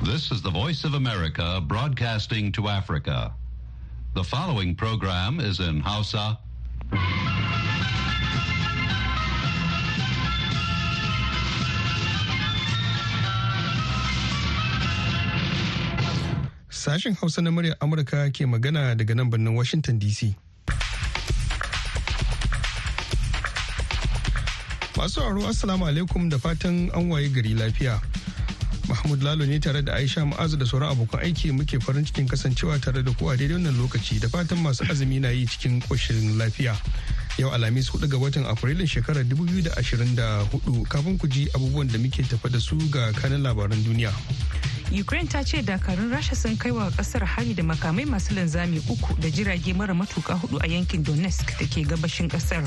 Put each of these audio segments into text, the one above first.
This is the Voice of America broadcasting to Africa. The following program is in Hausa. Sashen Hausa na muryar Amurka ke magana daga nan birnin Washington DC. Masu aro Assalamu alaikum da fatan an waye gari lafiya. Mahmud Lalo ne tare da Aisha Ma'azu da sauran abokan aiki muke farin cikin kasancewa tare da ku a daidai wannan lokaci da fatan masu azumi na yi cikin ƙoshin lafiya. Yau Alhamis 4 ga watan Afrilun shekarar 2024 kafin ku ji abubuwan da muke tafa da su ga kanin labaran duniya. Ukraine ta ce dakarun Rasha sun kai wa kasar hari da makamai masu linzami uku da jirage mara matuka hudu a yankin Donetsk da ke gabashin kasar.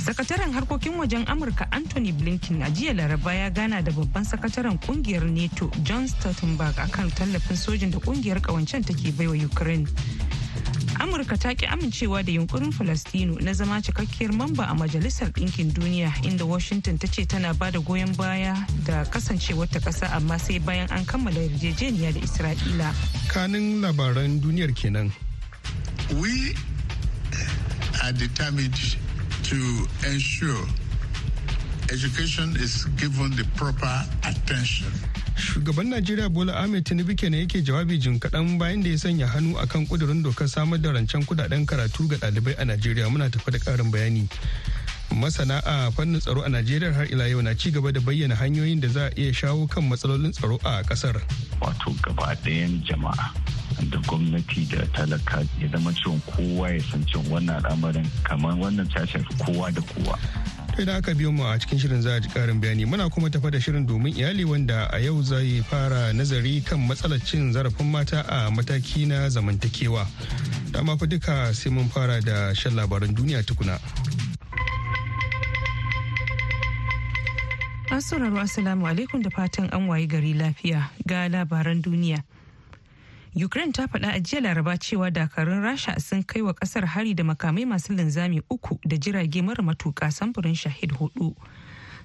sakataren harkokin wajen amurka anthony blinken a jiya laraba ya gana da babban sakataren kungiyar nato john stoltenberg akan tallafin sojin da kungiyar kawancen take baiwa ukraine amurka ta ki amincewa da yunkurin falastino na zama cikakkiyar mamba a majalisar ɗinkin duniya inda washington ta ce tana ba da goyon baya da kasancewar ta ƙasa amma sai bayan an kammala yarjejeniya da isra'ila kanin labaran duniyar kenan we are determined to ensure education is given the proper attention. Shugaban Najeriya Bola Ahmed Tinubu kenan yake jawabi jin kaɗan bayan da ya sanya hannu akan kudurin dokar samar da rancen kudaden karatu ga ɗalibai a Najeriya muna tafa da ƙarin bayani. Masana a fannin tsaro a Najeriya har ila yau na ci gaba da bayyana hanyoyin da za a iya shawo kan matsalolin tsaro a ƙasar. Wato gaba ɗayan jama'a da gwamnati da talaka ya zama cewa kowa ya san cewa wannan al'amarin kamar wannan ta shafi kowa da kowa. sai da aka biyo mu a cikin shirin za a ji karin bayani muna kuma tafa da shirin domin iyali wanda a yau zai fara nazari kan matsalar cin zarafin mata a mataki na zamantakewa. Dama fa duka sai mun fara da shan labaran duniya tukuna. An Assalamu alaikum da fatan an wayi gari lafiya ga labaran duniya. Ukraine ta faɗa a jiya laraba cewa dakarun Rasha sun kai wa ƙasar hari da makamai masu linzami uku da jirage mara matuƙa samfurin shahid hudu.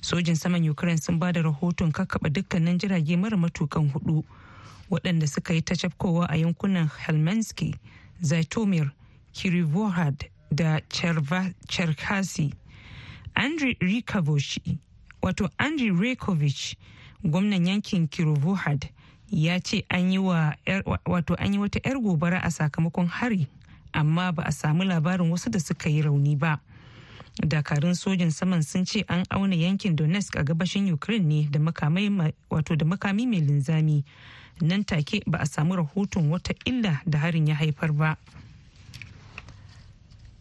Sojin saman Ukraine sun ba da rahoton kakkaɓa dukkanin jirage mara matukan hudu waɗanda suka yi ta cafkowa a yankunan Helmensky, Zaitomir, kirivohad da cherkasi Andriy Rikovic, wato Andriy gwamnan yankin kirivohad ya ce an yi wata 'yar gobara a sakamakon hari amma ba a samu labarin wasu da suka yi rauni ba dakarun sojin saman sun ce an auna yankin donetsk a gabashin ukraine ne da makami mai linzami nan take ba a samu rahoton wata illa da harin ya haifar ba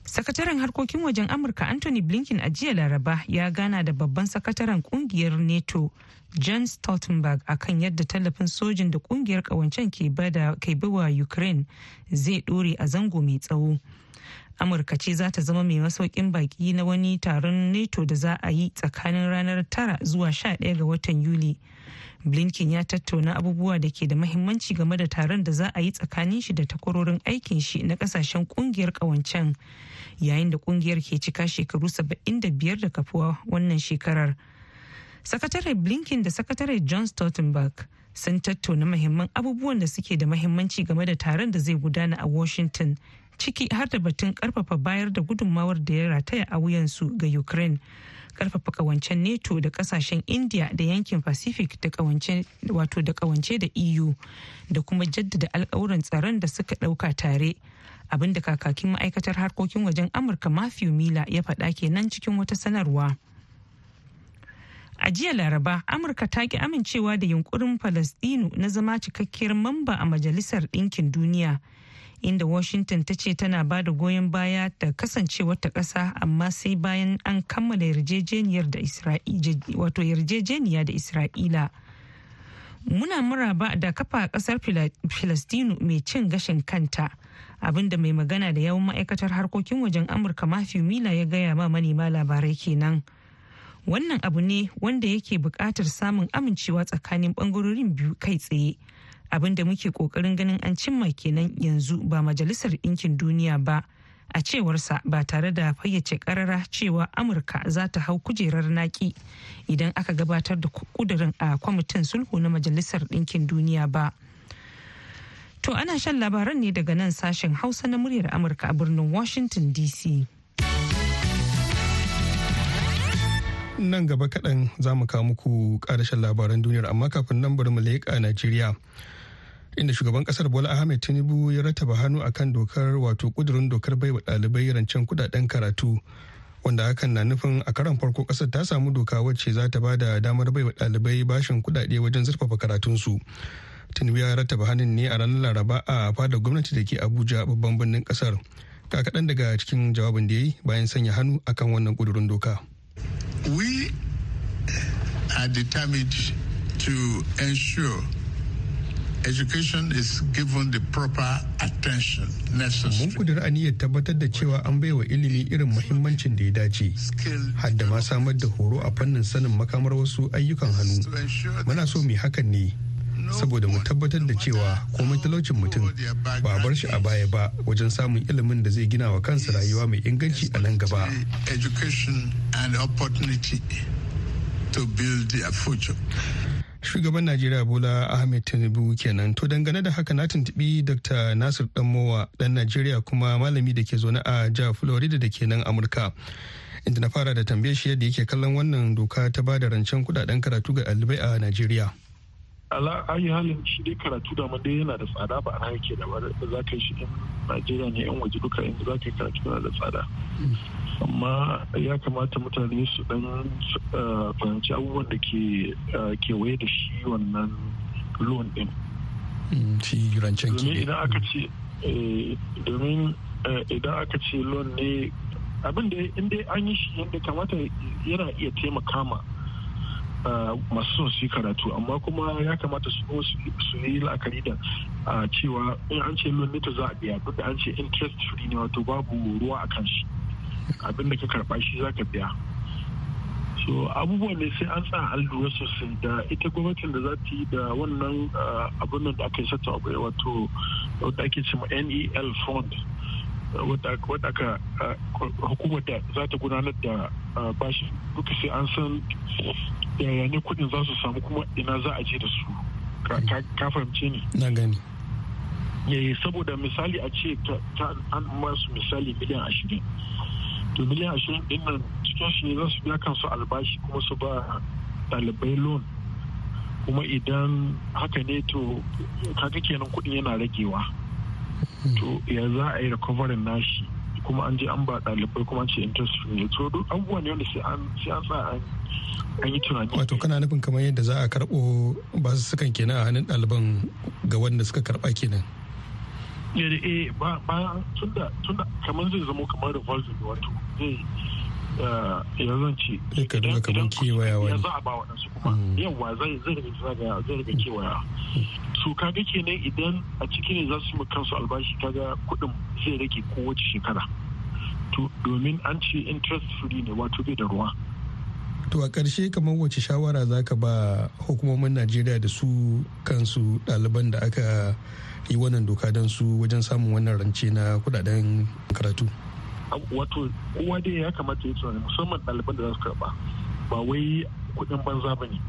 Sakataren harkokin wajen Amurka Anthony Blinken a jiya Laraba ya gana da babban sakataren kungiyar NATO John Stoltenberg a kan yadda tallafin sojin da kungiyar kawancen ke wa Ukraine zai dore a zango mai tsawo. Amurka ce za ta zama mai masaukin baki na wani taron NATO da za a yi tsakanin ranar tara zuwa 11 ga watan Yuli. Blinken ya tattauna abubuwa da ke da mahimmanci game da taron da za a yi tsakanin shi da takwarorin aikin shi na kasashen kungiyar kawancen. yayin da kungiyar ke cika shekaru 75 da kafuwa wannan shekarar. Sakatare Blinken da Sakatare John Stoltenberg sun tattauna mahimman abubuwan da suke da mahimmanci game da taron da zai gudana a Washington ciki har da batun karfafa bayar da gudunmawar da ya rataya a wuyansu ga Ukraine. karfafa kawancen nato da kasashen india da yankin pacific da kawance da eu e da kuma jaddada alkawuran tsaron da suka dauka tare abinda kakakin ma'aikatar harkokin wajen amurka matthew miller ya faɗa kenan cikin wata sanarwa a jiya laraba amurka ta ki amincewa da yunkurin falastinu na zama cikakkiyar mamba a majalisar ɗinkin duniya inda washington ta ce tana ba da goyon baya da kasancewar ta ƙasa amma sai bayan an kammala yarjejeniyar yarjejeniya da isra'ila muna muraba da kafa ƙasar filastinu mai cin gashin kanta abinda mai magana da yawan ma'aikatar harkokin wajen amurka mafi mila ya gaya ma manema labarai kenan wannan abu ne wanda yake buƙatar samun amincewa tsakanin ɓangarorin biyu kai tsaye abinda muke ƙoƙarin ganin an cimma kenan yanzu ba majalisar ɗinkin duniya ba a cewarsa ba tare da fayyace karara cewa amurka za ta hau kujerar naki idan aka gabatar da kudurin a kwamitin sulhu na majalisar ɗinkin duniya ba To ana shan labaran ne daga nan sashen Hausa na muryar Amurka a birnin Washington DC. Nan gaba kaɗan za mu kawo muku ƙarashen labaran duniyar amma kafin nan bari mu leƙa Najeriya. Inda shugaban ƙasar Bola Ahmed Tinubu ya rataba hannu akan dokar wato ƙudurin dokar baiwa ɗalibai rancen kuɗaɗen karatu. Wanda hakan na nufin a karan farko ƙasar ta samu doka wacce za ta ba da damar baiwa ɗalibai bashin kuɗaɗe wajen zurfafa karatunsu. tinubu ya rattaba hannun ne a ranar laraba a fadar gwamnati da ke abuja babban birnin kasar kakaɗan kaɗan daga cikin jawabin da ya yi bayan sanya hannu akan wannan ƙudurin doka we are determined to ensure education is given the proper attention necessary. Mun kudura aniyar tabbatar da cewa an baiwa ilimi irin muhimmancin da ya dace, hadda ma samar da horo a fannin sanin makamar wasu ayyukan hannu. Muna so mai hakan ne saboda mu tabbatar da cewa komai talaucin mutum ba a bar shi a baya ba wajen samun ilimin da zai gina wa kansa rayuwa mai inganci a nan gaba. Shugaban Najeriya Bola Ahmed Tinubu kenan to dangane da haka na tuntubi Dr. Nasir Danmowa dan Najeriya kuma malami da ke zaune a jihar Florida da kenan Amurka. Inda na fara da tambaye shi yadda yake kallon wannan doka ta ba da rancen kudaden karatu ga ɗalibai a Najeriya. ala ayi halin shi dai karatu da dai yana da tsada ba a yake da ba za ka yi shi in najeriya ne yan waje duka inda za ka yi karatu yana da tsada amma ya kamata mutane su dan eh, fahimci abubuwan da ke eh, kewaye da shi wannan loan din mm, shi rancen ke idan aka ce eh, domin idan aka ce loan ne abin da inda an yi shi yadda kamata yana iya taimaka ma masu son su yi karatu amma kuma ya kamata su su yi la'akari da cewa in an ce min nita za a biya duk da an ce interest free ne wato babu ruwa a kan shi abin da ka karba shi za ka biya so abubuwan ne sai an tsa an lura sosai da ita gwamnatin da za ta yi da wannan abin da aka yi sata wato da ake ma nel fund wadda aka hukumar da za ta gudanar da bashi duka sai an san yaya eh, ne kuɗin za su samu kuma ina za a je da su ka fahimce ni na gani eh, saboda misali a ce ta an masu misali miliyan ashirin to miliyan ashirin din nan cikin shi za su biya kansu albashi kuma su ba ɗalibai loan kuma idan haka ne to kaga kenan kuɗin yana ragewa hmm. to ya za a yi recovering nashi kuma an je an ba ɗalibai kuma ce internship ne to duk abubuwa ne wanda sai an sa an yi tunani wato kana nufin kamar yadda za a karɓo ba su sukan kenan a hannun ɗaliban ga wanda suka karɓa kenan eh, eh ba ba tunda tunda kamar zai zama kamar revolving wato zai eh, ya zan ce idan idan ya za a ba waɗansu kuma mm. yawa zai zai riga kewaya mm. su kaga kenan idan a ciki ne za su kansu albashi kaga kuɗin zai rage kowace shekara to domin an ce interest free ne wato bai da ruwa to a ƙarshe kamar wace shawara za ka ba hukumomin najeriya da su kansu ɗaliban da aka yi wannan doka don su wajen samun wannan rance na kudaden karatu wato kowa dai ya kamata ya tunani musamman ɗaliban da za su karɓa ba wai kuɗin banza ba ne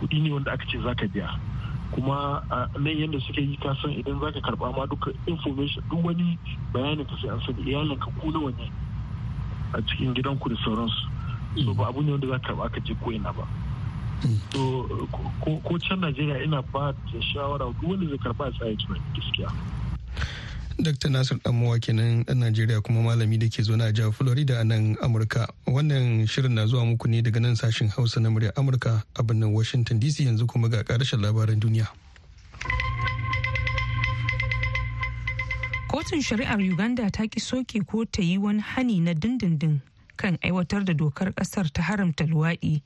kuɗi ne wanda aka ce za ka biya kuma a nan yadda suke yi kasan san idan zaka karba ma duka information duk wani bayanin ka sai an sani iyalin ka ko nawa ne a cikin gidan ku da sauransu so ba abu ne wanda za ka karba ka je ko ina ba so ko can Najeriya ina ba da shawara duk wanda zai karba a tsaye tunani gaskiya Dr. Nasir Damuwa kenan ɗan Najeriya kuma malami da ke zo na jihar Florida a nan Amurka. Wannan shirin na zuwa muku ne daga nan sashen Hausa na muryar Amurka a birnin Washington DC yanzu kuma ga ƙarshen labaran duniya. Kotun shari'ar Uganda ta ki soke ko ta yi wani hani na dindindin kan aiwatar da dokar ƙasar ta haramta luwaɗi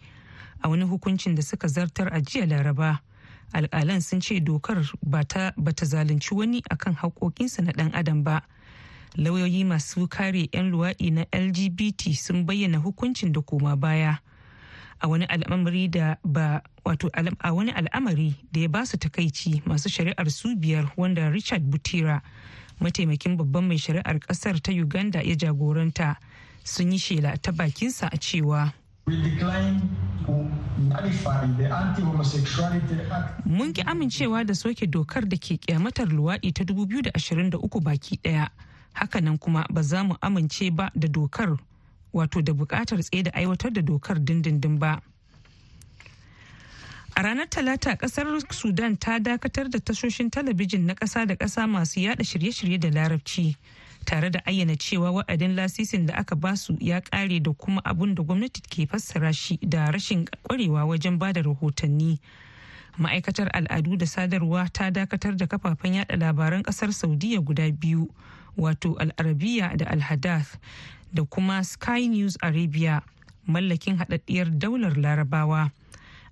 a wani hukuncin da suka zartar a jiya Laraba. alƙalan sun ce dokar ba ta zalunci wani akan haƙoƙinsa na ɗan adam ba lauyoyi masu kare 'yan luwaɗi na lgbt sun bayyana hukuncin da koma baya a wani al'amari da ba wato a wani al'amari da ya ba su takaici masu shari'ar su biyar wanda richard butira mataimakin babban mai shari'ar kasar ta uganda ya jagoranta sun yi shela ta bakinsa a cewa Mun ki amincewa da soke dokar da ke kyamatar luwaɗi ta 2023 baki ɗaya. Hakanan kuma ba za mu amince ba da dokar wato da buƙatar tsaye da aiwatar da dokar dindindin ba. A ranar Talata ƙasar Sudan ta dakatar da tashoshin talabijin na ƙasa da ƙasa masu yada shirye-shirye da larabci tare da ayyana cewa wa'adin lasisin da aka basu ya kare da kuma abun da gwamnati ke fassara shi da rashin kwarewa wajen ba da rahotanni ma'aikatar al'adu da sadarwa ta dakatar da kafafen yada labaran kasar saudiya guda biyu wato al'arabiya da alhadath da kuma sky news arabia mallakin haɗaɗɗiyar daular larabawa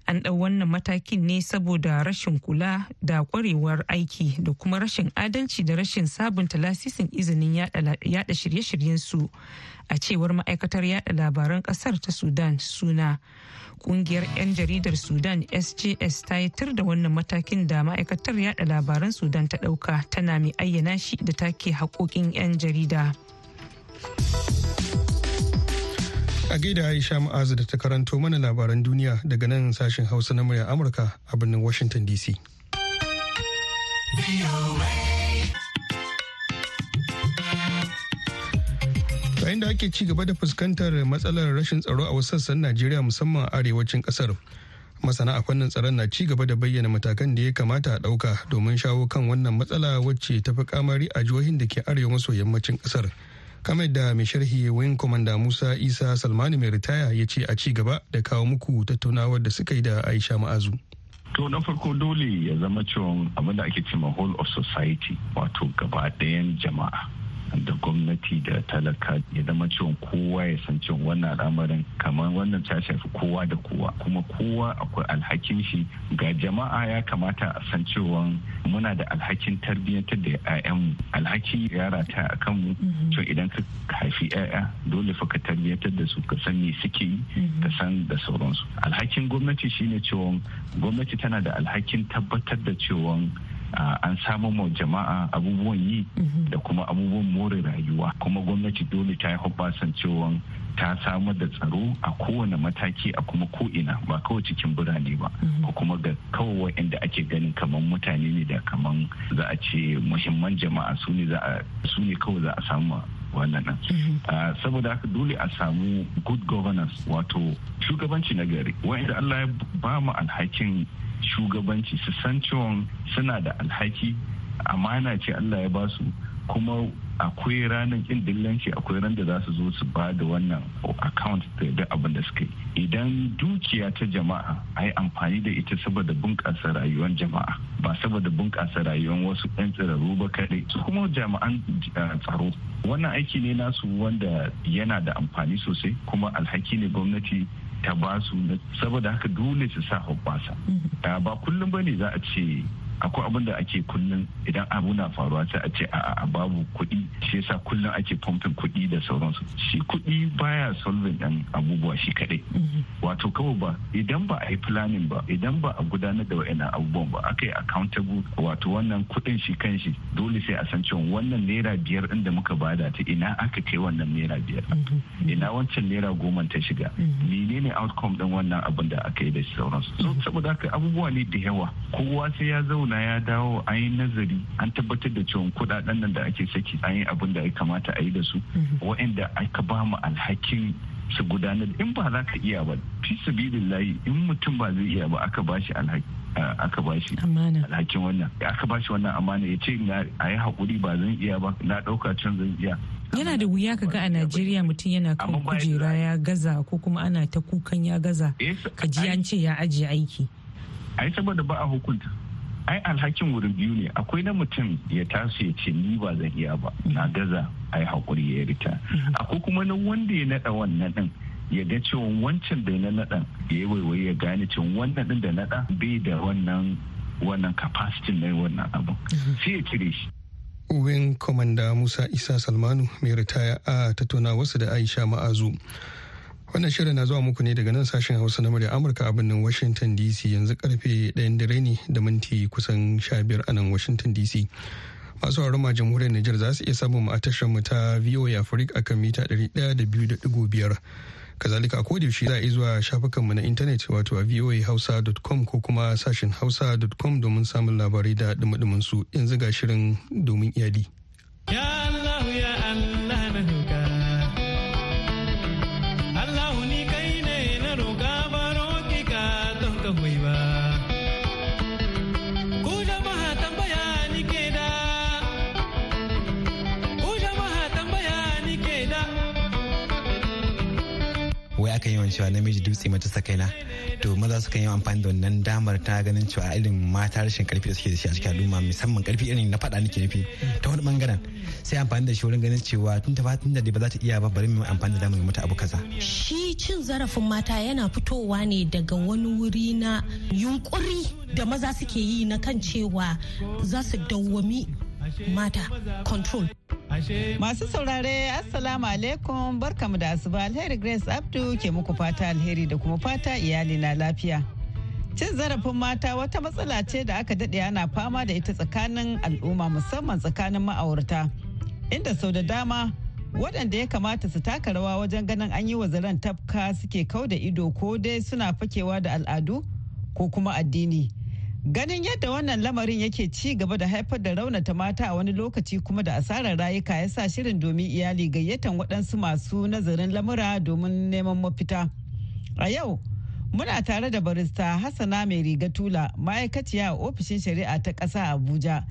an ɗau wannan matakin ne saboda rashin kula da kwarewar aiki da kuma rashin adalci da rashin sabunta lasisin izinin yada shirye shiryen su a cewar ma'aikatar yada labaran ƙasar ta sudan suna kungiyar 'yan jaridar sudan sjs ta yi tir da wannan matakin da ma'aikatar yada labaran sudan ta ɗauka tana mai ayyana shi da take haƙoƙin 'yan jarida. A gaida Aisha Ma'azu da ta karanto mana labaran duniya daga nan sashen Hausa na murya Amurka a birnin Washington DC. Yayin da ake ci gaba da fuskantar matsalar rashin tsaro a wasu sassan Najeriya musamman a arewacin kasar. Masana a fannin tsaron na ci gaba da bayyana matakan da ya kamata a ɗauka domin shawo kan wannan matsala wacce ta fi kamari a jihohin da ke arewa maso yammacin kasar. kamar yadda mai sharhi wing commander musa isa salmani mai ritaya ya ce a ci gaba da kawo muku tattaunawar da suka yi da aisha ma'azu to na farko dole ya zama cewa abinda da ake cewa whole of society wato gaba ɗayan jama'a da gwamnati da talaka ya zama cewa kowa ya san cewa wannan al'amarin kamar wannan ta shafi kowa da kowa kuma kowa akwai alhakin shi ga jama'a ya kamata a san cewa muna da alhakin tarbiyyantar da 'ya'yanmu alhaki yara ta a kanmu mm-hmm. to idan ka haifi 'ya'ya dole fa ka tarbiyyantar da su ka san me suke yi mm-hmm. ka san da sauransu alhakin gwamnati shine cewa gwamnati tana da alhakin tabbatar da cewa an samu ma jama'a abubuwan yi mhm. da kuma abubuwan more rayuwa kuma gwamnati dole ta yi hubbasan cewa ta samar da tsaro a kowane mataki a kuma ko'ina ba kawai cikin birane ba mhm. ko kuma ga kawai waɗanda ake ganin kamar mutane ne da kamar za a ce muhimman jama'a su ne kawai za a samu wannan nan mhm. saboda haka dole a samu good governance wato shugabanci na gari wa'anda Allah ya ba mu alhakin shugabanci su san cewa suna da alhaki amana ce Allah ya basu kuma akwai ranar kin dillanci akwai ran da za su zo su ba da wannan account da abin da suka yi idan dukiya ta jama'a a yi amfani da ita saboda bunƙasa rayuwar jama'a ba saboda bunƙasa rayuwar wasu 'yan tsirarru ba kaɗai su kuma jami'an tsaro wannan aiki ne nasu wanda yana da amfani sosai kuma alhaki ne gwamnati ta ba su saboda haka dole su sa hoɓɓasa mm-hmm. ba kullum ba ne za a ce akwai abin da ake kullum idan abu na faruwa sai a ce a babu kuɗi shi yasa kullum ake pumping kuɗi da sauransu shi kuɗi baya solving ɗan abubuwa shi kaɗai mm-hmm. wato kawai ba idan ba a yi planning ba idan ba a gudanar da wa'annan abubuwan ba aka yi accountable wato wannan kuɗin shi kan shi dole sai a san cewa wannan naira biyar ɗin da muka bada ta ina aka kai wannan naira biyar mm-hmm. ina wancan naira goma ta shiga mm-hmm. menene outcome ɗin wannan abin da aka yi da sauransu saboda haka abubuwa ne da yawa kowa sai ya zauna tattauna ya dawo a yi nazari an tabbatar da cewa kudaden nan da ake saki a yi abin da ya kamata a yi da su mhm. wa'anda aka ba mu alhakin su gudanar in ba za ka iya ba fi layi in mutum ba zai iya ba aka ba shi alhaki aka ba shi alhakin wannan aka ba shi wannan amana ya ce a yi haƙuri ba zan iya ba na ɗauka can zan iya yana da wuya ka ga a najeriya mutum yana kan kujera ya gaza ko kuma ana ta kukan ya gaza eh, ka ji an ce ya ajiye aiki ai saboda ba a hukunta ai alhakin wurin biyu ne akwai na mutum ya taso ya ce ni ba zan iya ba na gaza ai Hakuri ya rita akwai kuma na wanda ya naɗa wannan din ya ga cewa wancan da na naɗa ya yi waiwai ya gane cewa wannan din da naɗa bai da wannan wannan capacity na wannan abu sai ya cire shi Wing Commander Musa Isa Salmanu mai ritaya a tattauna wasu da Aisha Ma'azu. Wannan shirin na zuwa muku ne daga nan sashen Hausa na murya Amurka a birnin Washington DC yanzu karfe 1 dare ne da minti kusan 15 a nan Washington DC. Masu haruma jamhuriyar Nijar za su iya samun a tashar mu ta VOA Africa akan mita 102.5. Kazalika a yaushe za a iya zuwa mu na intanet wato a voahausa.com ko kuma sashen hausa.com domin samun labarai da dumadumin su yanzu ga shirin domin iyali. Yeah! cewa namiji dutse sakaina to maza sukan yi amfani da wannan damar ta ganin cewa irin mata rashin karfi da suke da shi a cikin al'umma musamman karfi irin na faɗa nake nufi ta wani bangaren sai amfani da shi wurin ganin cewa tun ta fatan da ba za ta iya ba bari mu amfani da damar mata abu kaza shi cin zarafin mata yana fitowa ne daga wani wuri na yunkuri da maza suke yi na kan cewa za su dawwami mata control Masu saurare Assalamu alaikum barkamu da asuba alheri Grace Abdu ke muku fata alheri da kuma fata iyali na lafiya. Cin zarafin mata wata matsala ce da aka daɗe ana fama da ita tsakanin al'umma musamman tsakanin ma'aurata. Inda sau da dama waɗanda ya kamata su taka rawa wajen ganin an yi wa zaren tafka suke kau da ido ko dai suna fakewa da al'adu ko kuma addini. Ganin yadda wannan lamarin yake ci gaba da haifar da raunata mata a wani lokaci kuma da asarar rayuka ya sa shirin domin iyali gayyatan waɗansu masu nazarin lamura domin neman mafita. A yau, muna tare da barista Hassana mai riga tula ma'aikaciya a ofishin shari'a ta ƙasa Abuja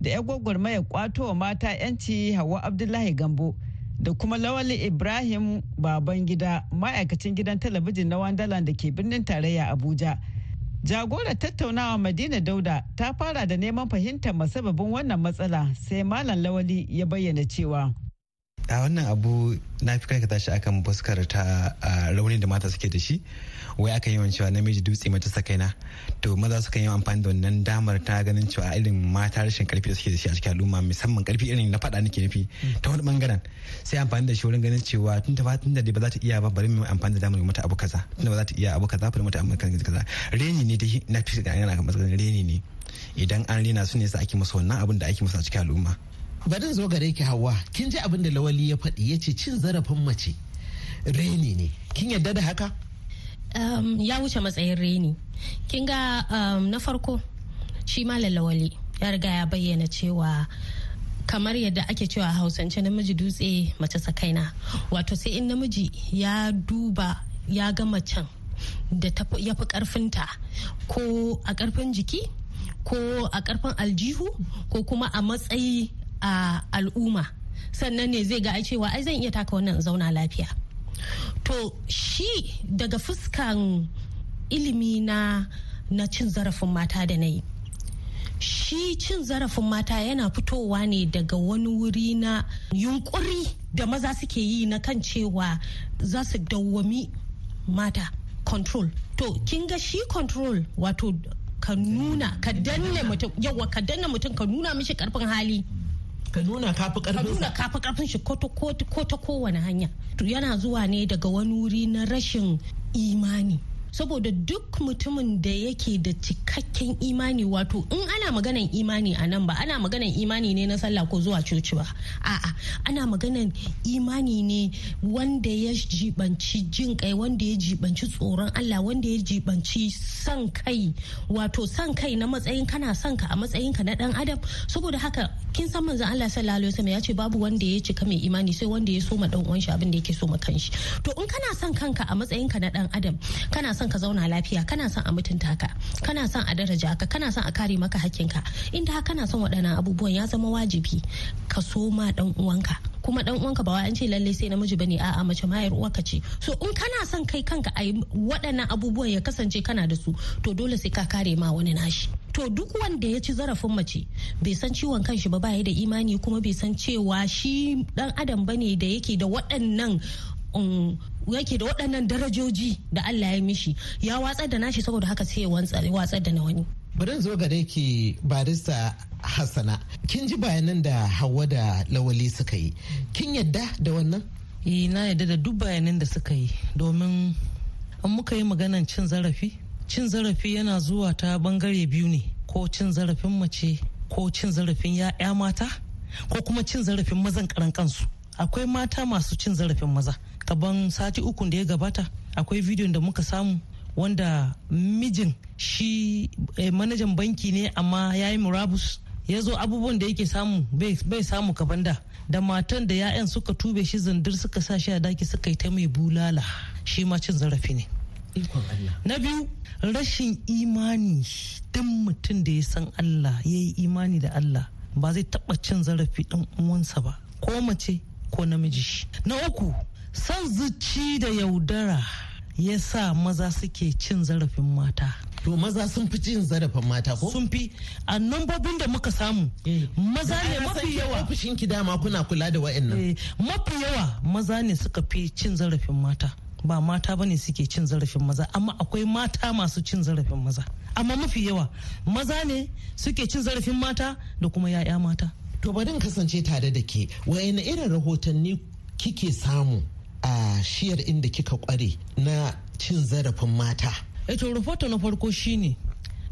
da 'yan gwagwarmayar kwato wa mata 'yanci Hauwa Abdullahi Gambo da kuma Lawali Ibrahim Babangida ma'aikacin gidan talabijin na Wandalan da ke birnin tarayya Abuja. Jagorar tattaunawa Madina Dauda ta fara da neman fahimtar masababin wannan matsala sai Malam Lawali ya bayyana cewa. a wannan abu na fi ka shi akan fuskar ta rauni da mata suke da shi wai aka yawan cewa namiji dutse mace sakaina to maza kan yi amfani da wannan damar ta ganin cewa irin mata rashin karfi da suke da shi a cikin al'umma musamman karfi irin na faɗa nake nufi ta wani bangaren sai amfani da shi wurin ganin cewa tun da fatan da ba za ta iya ba bari mu amfani da damar mata abu kaza tun da ba za ta iya abu kaza bari mata amfani da kaza reni ne dai na fi ga yana ga matsalar reni ne idan an rena su ne sa ake musu wannan abin da ake musu a cikin al'umma bari zo gare ki hawa kin ji abin da lawali ya faɗi ya ce cin zarafin mace reni ne kin yarda da haka um, ya wuce matsayin reni kin ga um, na farko shi malam lawali ya riga ya bayyana cewa kamar yadda ake cewa hausance namiji dutse mace sakaina wato sai in namiji ya duba ya ga macen da ya fi karfinta ko a karfin jiki ko a karfin aljihu ko kuma a matsayi a al'umma sannan ne zai ga a cewa ai zan iya taka wannan zauna lafiya to shi daga fuskan ilimi na na cin zarafin mata da na yi shi cin zarafin mata yana fitowa ne daga wani wuri na yunkuri da maza suke yi na kan cewa za su dawwami mata control to kin ga shi control wato ka nuna ka danne mutum yawa ka danne mutum ka nuna mishi karfin hali ka nuna kafi karfin shi ko ta kowane hanya yana zuwa ne daga wani wuri na rashin imani saboda duk mutumin da yake da cikakken imani wato in ana maganan imani a nan ba ana maganan imani ne na sallah ko zuwa coci ba a'a ana maganan imani ne wanda ya jibanci jin kai wanda ya jibanci tsoron Allah wanda ya jibanci san kai wato san kai na matsayin kana son ka a matsayin ka na dan adam saboda haka kin san manzon Allah sallallahu alaihi wasallam ya ce babu wanda ya cika mai imani sai wanda ya soma ma dan uwan shi abin da yake so kanshi to in kana son kanka a matsayin ka na dan adam kana son ka zauna lafiya kana son a mutunta ka kana son a daraja ka kana son a kare maka hakkinka inda kana son waɗannan abubuwan ya zama wajibi ka so ma dan uwanka kuma dan uwanka ba an ce lalle sai namiji bane a mace ma yar uwarka ce so in kana son kai kanka a waɗannan abubuwan ya kasance kana da su to dole sai ka kare ma wani nashi to duk wanda ya ci zarafin mace bai san ciwon kanshi ba ya da imani kuma bai san cewa shi dan adam bane da yake da waɗannan Um, yake da waɗannan darajoji da Allah ya mishi ya watsar da nashi saboda haka sai ya watsar da na wani. Bari zo gare ki barista Hassana. Kin ji bayanan da Hauwa da Lawali suka yi. Kin yadda da wannan? Eh, na yadda da duk bayanan da suka yi domin an muka yi maganan cin zarafi. Cin zarafi yana zuwa ta bangare biyu ne ko cin zarafin mace ko cin zarafin ya'ya mata ko kuma cin zarafin mazan karan kansu. Akwai mata masu cin zarafin maza. kaban sati uku da ya gabata akwai bidiyon da muka samu wanda mijin shi eh, manajan banki ne amma ya yi murabus ya zo abubuwan da yake samu bai samu kaban da da matan da 'ya'yan suka tube shi zindir suka sa shi a daki suka yi ta mai bulala shi ma cin zarafi ne na biyu rashin imani don mutum da ya san allah ya yi imani da allah ba zai taɓa cin zarafi ɗan uwansa ba ko mace ko namiji na uku son zuci da yaudara ya sa maza suke cin zarafin mata to maza sun fi cin zarafin mata ko sun fi a nambobin da muka samu eh. maza ne mafi yawa fushin ki dama kuna kula da wa'annan eh, mafi yawa maza ne suka fi cin zarafin mata ba mata bane suke cin zarafin maza amma akwai mata masu cin zarafin maza amma mafi yawa maza ne suke cin zarafin mata da kuma 'ya'ya mata to bari kasance tare da ke wa'ina irin rahotanni kike samu a shiyar inda kika kware na cin zarafin mata eto eh rufoto na farko shine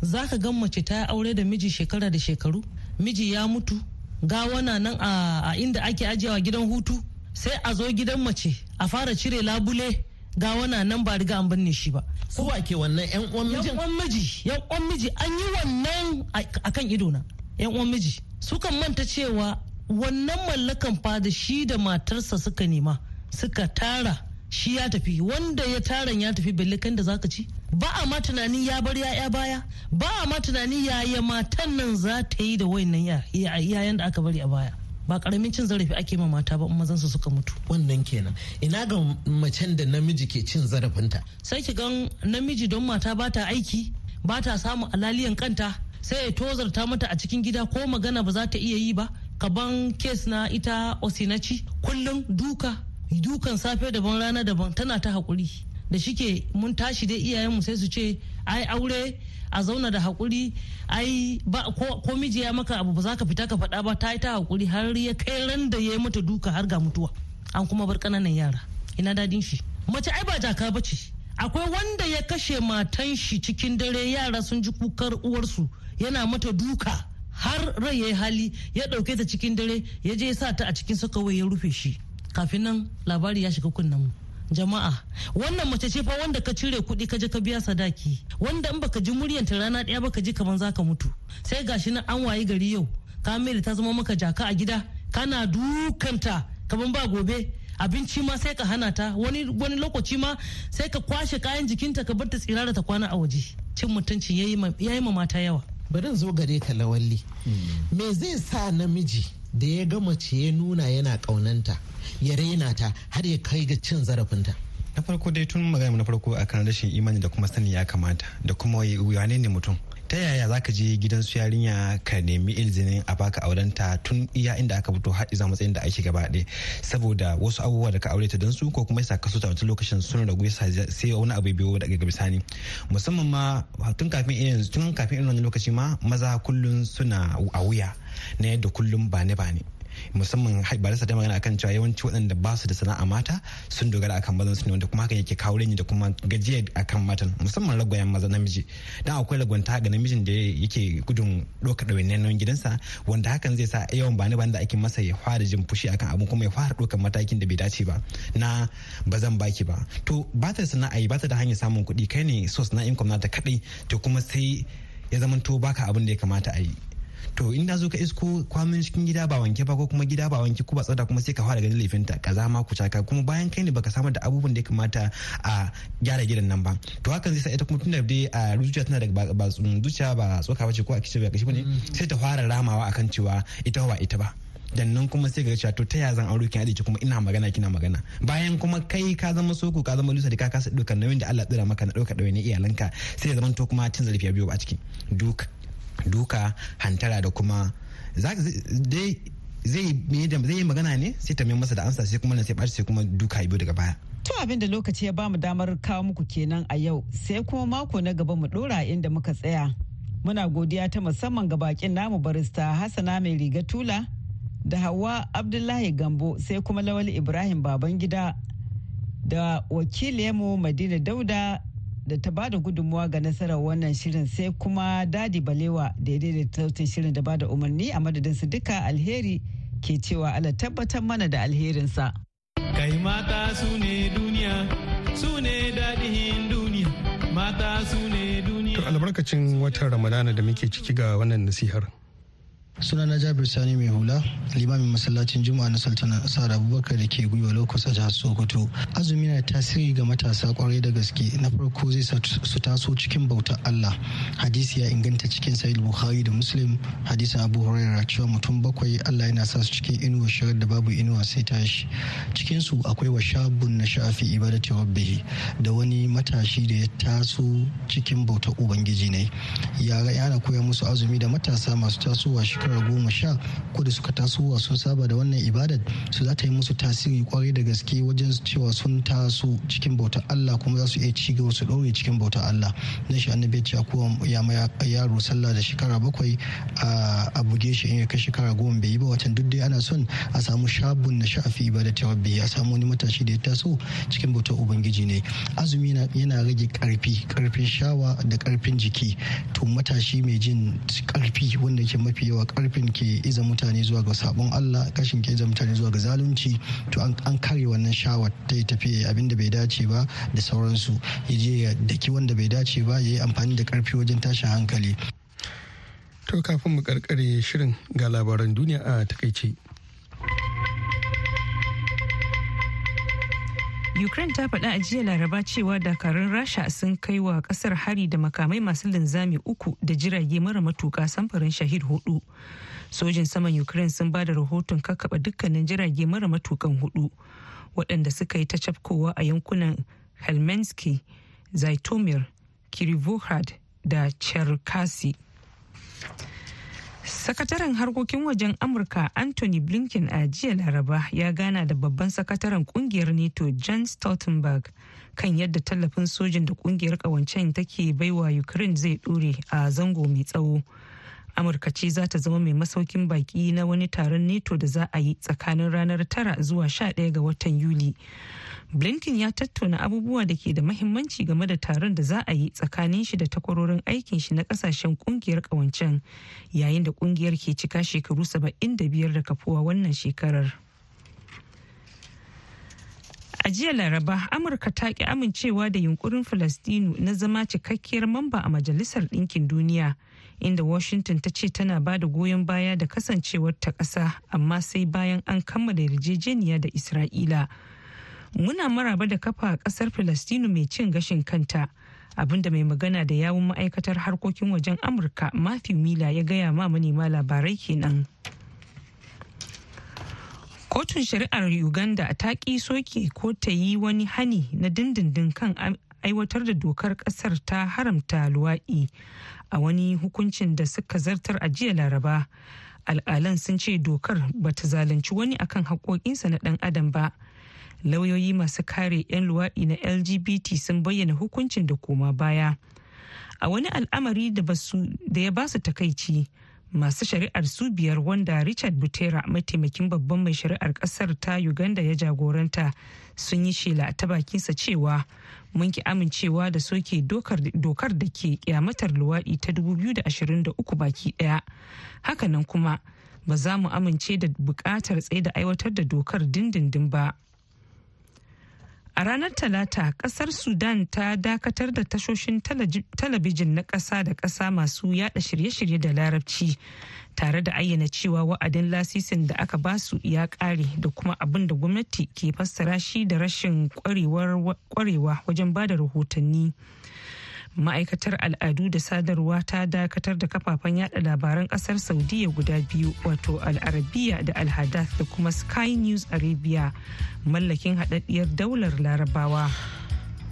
za ka gan mace ta aure da miji shekara da shekaru miji ya mutu gawana nan a inda ake ajiyewa gidan hutu sai a zo gidan mace a fara cire labule ga wana nan ba riga an binne shi ba. Ko ke wannan yan uwan miji? Yan uwan miji, yan uwan miji an yi wannan kan ido na. Yan uwan miji sukan manta cewa wannan mallakan fa da shi da matarsa suka nema suka tara shi ya tafi wanda ya tara ya tafi belle da zaka ci ba a ma tunanin ya bar ya'ya baya ba a ma tunanin yaya matan nan za ta yi da wayannan yayan da aka bari a baya ba karamin cin zarafi ake ma mata ba mazan su suka mutu wannan kenan ina ga macen da namiji ke cin zarafinta sai ki gan namiji don mata ba ta aiki ba ta samu alaliyan kanta sai ya tozarta mata a cikin gida ko magana ba za ta iya yi ba kaban kes na ita osinaci kullum duka dukan safe daban rana daban tana ta hakuri da shike mun tashi dai iyayen mu sai su ce ai aure a zauna da hakuri ai ba ko miji ya maka abu ba za ka fita ka faɗa ba ta yi ta haƙuri har ya kai ran da ya yi mata duka har ga mutuwa an kuma bar ƙananan yara ina dadin shi mace ai ba jaka ba ce akwai wanda ya kashe matan shi cikin dare yara sun ji kukar uwarsu yana mata duka har rai ya hali ya ɗauke ta cikin dare ya je sa ta a cikin sakawai ya rufe shi kafin nan labari ya shiga kunnen mu jama'a wannan mace ce fa wanda ka cire kuɗi ka je ka biya sadaki wanda in baka ji muryanta rana ɗaya baka ji kaman zaka mutu sai gashi nan an wayi gari yau ka mai ta zama maka jaka a gida kana dukanta kaman ba gobe abinci ma sai ka hana ta wani wani lokaci ma sai ka kwashe kayan jikinta ka bar ta tsirara ta kwana a waje cin mutunci yayi ma mata yawa bari zo gare ka lawalli hmm. me zai sa namiji da ya ga mace ya nuna yana ƙaunanta ya raina ta har ya kai ga cin zarafinta na farko dai tun magana na farko akan rashin imani da kuma sani ya kamata da kuma wane ne mutum ta yaya za ka je gidan su yarinya ka nemi izinin a baka aurenta tun iya inda aka fito har iza matsayin da ake gaba ɗaya saboda wasu abubuwa da ka aure ta don su ko kuma yasa ka so ta wata lokacin sun ragu sai wani abu biyo daga bisani musamman ma tun kafin irin tun kafin irin wani lokaci ma maza kullum suna a wuya na yadda kullum ba ne ba ne musamman barista ta magana akan cewa yawanci waɗanda ba su da sana'a mata sun dogara akan mazan su ne wanda kuma hakan yake kawo da kuma gajiya akan matan musamman ragwayen maza namiji dan akwai ragwanta ga namijin da yake gudun ɗauka ɗawainiyar nauyin gidansa wanda hakan zai sa yawan bani ba da ake masa ya fara jin fushi akan abu kuma ya fara ɗaukar matakin da bai dace ba na ba zan baki ba to ba ta sana'a ba ta da hanyar samun kuɗi kai ne source na income ta kaɗai to kuma sai ya zamanto baka abin da ya kamata a yi to inda zo ka isko kwamin cikin gida ba wanke ba ko kuma gida ba wanke ko ba tsada kuma sai ka fara ganin ta kaza ma ku caka kuma bayan kai ne baka samar da abubuwan da ya kamata a gyara gidan nan ba to hakan zai sa ita kuma tunda dai a zuciya tana da ba zuciya ba tsoka ce ko a kishi ba ba ne mm-hmm. sai ta fara ramawa akan cewa ita ba ita ba dan nan kuma sai ga cewa to ta ya zan aure kin aiki kuma ina magana kina magana bayan kuma kai ka zama soko ka zama lusa da ka kasa dukan nauyin da Allah tsira maka na dauka dawaini iyalanka sai zaman to kuma cin zarafi biyo a ciki duka duka hantara da kuma zai yi magana ne sai ta mai masa da amsa sai kuma na sai ɓaci sai kuma duka biyu daga baya To abin da lokaci ya bamu damar kawo muku kenan a yau sai kuma mako na gaba mu dora inda muka tsaya. Muna godiya ta musamman ga bakin namu barista Hassana mai riga tula da Hawa Abdullahi Gambo sai kuma Lawal Ibrahim Babangida da wakilemu Madina Dauda da ta bada gudunmuwa ga nasarar wannan shirin sai kuma dadi balewa da ya daidaita sautin shirin da bada umarni a madadin su duka alheri ke cewa ala tabbatar mana da alherinsa. kai mata su ne duniya su ne dadihin duniya mata su ne duniya to albarkacin watan ramadana da muke ciki ga wannan nasihar suna na jabir sani mai hula limamin masallacin juma'a na sultana sa'ad abubakar da ke gwiwa lokacin a jihar sokoto azumi na tasiri ga matasa kwarai da gaske na farko zai su taso cikin bautar allah hadisi ya inganta cikin sahih bukhari da muslim hadisin abu huraira cewa mutum bakwai allah yana sa su cikin inuwa shirar da babu inuwa sai tashi cikin su akwai wa shabun na shafi ibadati rabbihi da wani matashi da ya taso cikin bautar ubangiji ne yara yana koya musu azumi da matasa masu tasowa shi shekara goma sha ko da suka taso sun saba da wannan ibadar su za ta yi musu tasiri kwarai da gaske wajen cewa sun taso cikin bautar Allah kuma za su iya ci gaba su ɗaure cikin bautar Allah don shi annabi ce ko ya mai yaro sallah da shekara bakwai a buge shi in ya kai shekara goma bai yi ba watan duk dai ana son a samu shabun na sha'afi ta rabbi a samu wani matashi da ya taso cikin bautar ubangiji ne azumi yana rage karfi karfin shawa da karfin jiki to matashi mai jin karfi wanda ke mafi yawa karfin ke iza mutane zuwa ga sabon Allah kashin ke iza mutane zuwa ga zalunci to an kare wannan shawar ta tafi abin da bai dace ba da sauransu ya je ya daki wanda bai dace ba ya yi amfani da karfi wajen tashin hankali to kafin mu karkare shirin ga labaran duniya a takaice Ukraine ta faɗa a jiya laraba cewa dakarun Rasha sun kai wa ƙasar hari da makamai masu linzami uku da jirage mara matuƙa samfarin shahid hudu. Sojin saman Ukraine sun ba da rahoton kakkaɓa dukkanin jirage mara matukan hudu waɗanda suka yi ta cafkowa a yankunan Helmensky, Zaitomir, Kirivohrad da Cherkasy. Sakataren harkokin wajen Amurka Anthony Blinken a jiya Laraba ya gana da babban sakataren kungiyar NATO John Stoltenberg kan yadda tallafin sojin da kungiyar kawancen take baiwa Ukraine zai dore a zango mai tsawo. amurka ce za ta zama mai masaukin baki na wani taron neto da za a yi tsakanin ranar tara zuwa 11 ga watan yuli blinken ya tattauna abubuwa da ke da mahimmanci game da taron da za a yi tsakanin shi da takwarorin aikin shi na kasashen kungiyar kawancen yayin da kungiyar ke cika shekaru 75 da kafuwa wannan shekarar A jiya Laraba, Amurka ta ki amincewa da yunkurin Falastinu na zama cikakkiyar mamba a Majalisar Ɗinkin Duniya, inda washington ta ce tana ba da goyon baya da kasancewar ta ƙasa amma sai bayan an kammala yarjejeniya da isra'ila muna maraba da kafa ƙasar falastinu mai cin gashin kanta abinda mai magana da yawun ma'aikatar harkokin wajen amurka matthew miller ya gaya ma manema labarai kenan kotun shari'ar uganda ta ƙi soke ko ta yi wani hani na dindindin kan aiwatar da dokar ƙasar ta haramta luwaɗi a wani hukuncin da suka zartar a jiya laraba al'alan sun ce dokar ba ta zalunci wani akan haƙoƙinsa na ɗan adam ba lauyoyi masu kare 'yan luwaɗi na lgbt sun bayyana hukuncin da koma baya a wani al'amari da ya ba su takaici masu shari'ar su biyar wanda richard butera mataimakin babban mai shari'ar kasar ta uganda ya jagoranta sun yi shela ta bakinsa cewa mun ki amincewa da soke dokar da ke kyamatar luwaɗi ta 2023 baki ɗaya hakanan kuma ba za mu amince da buƙatar tsaye da aiwatar da dokar dindindin ba A ranar Talata, kasar Sudan ta dakatar da tashoshin talabijin na ƙasa da ƙasa masu yada shirye-shirye da larabci tare da ayyana cewa wa'adin lasisin da aka basu ya ƙare da kuma abin da gwamnati ke fassara shi da rashin ƙwarewa wajen bada rahotanni. ma'aikatar al'adu da sadarwa ta dakatar da kafafen yada labaran kasar saudiya guda biyu wato al'arabiya da alhadath da kuma sky news arabia mallakin haɗaɗɗiyar daular larabawa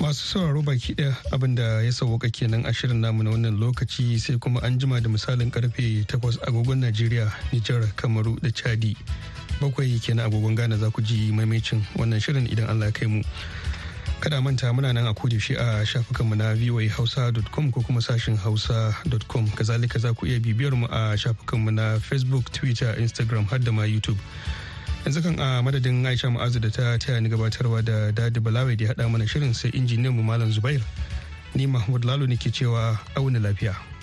masu sauraro baki ɗaya abinda ya sauwaka kenan a shirin namu na wannan lokaci sai kuma an jima da misalin karfe 8 agogon najeriya nijar kamaru da chadi bakwai kenan agogon ghana za ku ji maimacin wannan shirin idan allah ya kai mu Kada manta muna nan a shi a shafukanmu na voahausa.com ko kuma sashin hausa.com. Kazalika za ku iya bibiyar mu a shafukanmu na Facebook, Twitter, Instagram har da ma YouTube. yanzu kan a madadin aisha ma'azu da ta taya ni gabatarwa da dadi balawai da ya haɗa mana shirin sai injiniyan mu malam zubair ni mahmud lalo ne ke cewa auna lafiya